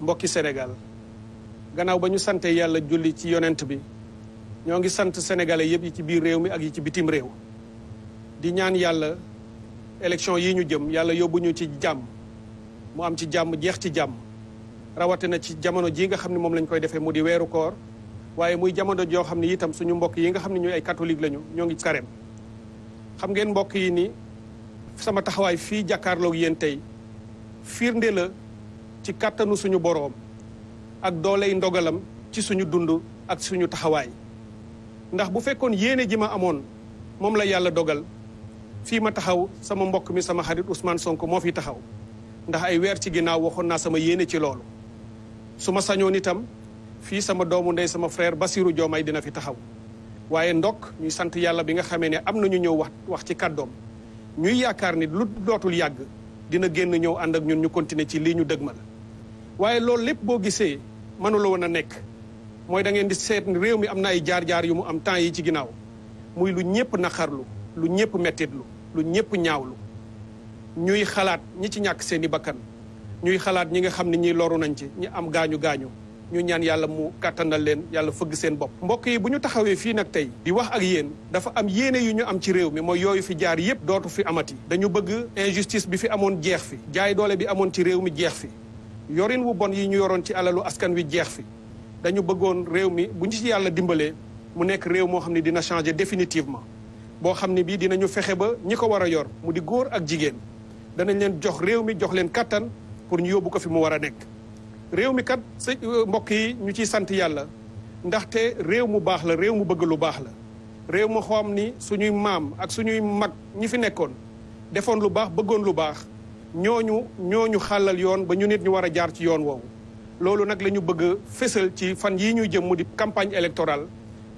mbokki Sénégal gannaaw ba ñu santee yàlla julli ci yonent bi ñoo ngi sant sénégalais yëpp yi ci biir réew mi ak yi ci bitim réew di ñaan yàlla élection yi ñu jëm yàlla yóbbu ñu ci jàmm mu am ci jàmm jeex ci jàmm rawatina ci jamono jii nga xam ne moom lañ koy defee mu di weeru koor waaye muy jamono joo xam ne itam suñu mbokk yi nga xam ne ñuy ay catholique lañu ñoo ngi karem xam ngeen mbokk yi ni sama taxawaay fii jàkkaarloog yéen tey firnde la ci kàttanu suñu borom ak dooley ndogalam ci suñu dund ak suñu taxawaay ndax bu fekkoon yéene ji ma amoon moom la yàlla dogal fii ma taxaw sama mbokk mi sama xarit Ousmane sonk moo fi taxaw ndax ay weer ci ginnaaw waxoon naa sama yéene ci loolu su ma sañoon itam fii sama doomu ndey sama frère Basirou Diomaye dina fi taxaw waaye ndokk ñuy sant yàlla bi nga xamee ne am na ñu ñëw wax wax ci kàddoom ñuy yaakaar ni lu lootul yàgg dina génn ñëw ànd ak ñun ñu continuer ci lii ñu dëgmal waaye loolu lépp boo gisee mënula woon a nekk mooy da ngeen di seet réew mi am na ay jaar-jaar yu mu am temps yi ci ginnaaw muy lu ñëpp naqarlu lu ñëpp mettitlu lu ñëpp ñaawlu ñuy xalaat ñi ci ñàkk seeni bakkan ñuy xalaat ñi nga xam ne ñi loru nañ ci ñi am gaañu gaañu ñu ñaan yàlla mu kàttanal leen yàlla fëgg seen bopp mbokk yi bu ñu taxawee fii nag tey di wax ak yéen dafa am yéene yu ñu am ci réew mi mooy yooyu fi jaar yépp dootu fi amati dañu bëgg injustice bi fi amoon jeex fi jaay doole bi amoon ci réew mi jeex fi yorin wu bon yi ñu yoroon ci alalu askan wi jeex fi dañu bëggoon réew mi bu ñu ci yàlla dimbalee mu nekk réew moo xam ne dina changer définitivement boo xam ne bii dinañu fexe ba ñi ko war a yor mu di góor ak jigéen danañ leen jox réew mi jox leen kàttan pour ñu yóbbu ko fi mu war a nekk réew mi kat sa euh, mbokk yi ñu ciy sant yàlla ndaxte réew mu baax la réew mu bëgg lu baax la réew mu xam ni suñuy maam ak suñuy mag ñi fi nekkoon defoon lu baax bëggoon lu baax ñoo ñooñu ñooñu xàllal yoon ba ñu nit ñu war a jaar ci yoon woowu loolu nag la ñu bëgg a ci fan yii ñuy jëm mu di campagne électorale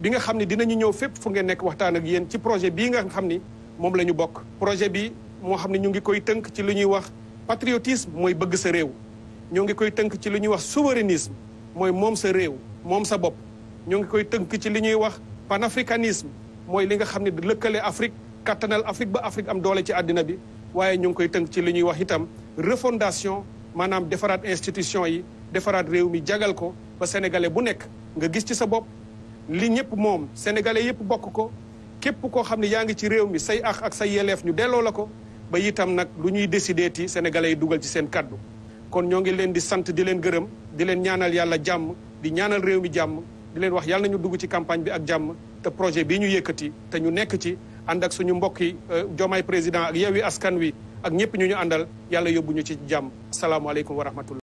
bi nga xam ne dinañu ñëw fépp fu nga nekk waxtaan ak yéen ci projet bii nga xam ni moom la ñu bokk projet bi moo xam ne ñu ngi koy tënk ci lu ñuy wax patriotisme mooy bëgg sa réew ñoo ngi koy tënk ci li ñuy wax souverainisme mooy moom sa réew moom sa bopp ñoo ngi koy tënk ci li ñuy wax panafricanisme mooy li nga xam ne lëkkale Afrique kattanal Afrique ba Afrique am doole ci àddina bi waaye ñu ngi koy tënk ci li ñuy wax itam refondation maanaam defaraat institution yi defaraat réew mi jagal ko ba sénégalais bu nekk nga gis ci sa bopp li ñëpp moom sénégalais yëpp bokk ko képp koo xam ne yaa ngi ci réew mi say ax ak say yeleef ñu delloo la ko ba itam nag lu ñuy décidé ti sénégalais yi dugal ci seen kàddu kon ñoo ngi leen di sant di leen gërëm di leen ñaanal yàlla jàmm di ñaanal réew mi jàmm di leen wax yàlla ñu dugg ci campagne bi ak jàmm te projet bii ñu yëkkati te ñu nekk ci ànd ak suñu mbokk yi euh, Diomaye président ak Yewwi Askan Wi ak ñëpp ñu ñu àndal yàlla yóbbu ñu ci jàmm asalaamaaleykum wa rahmatullah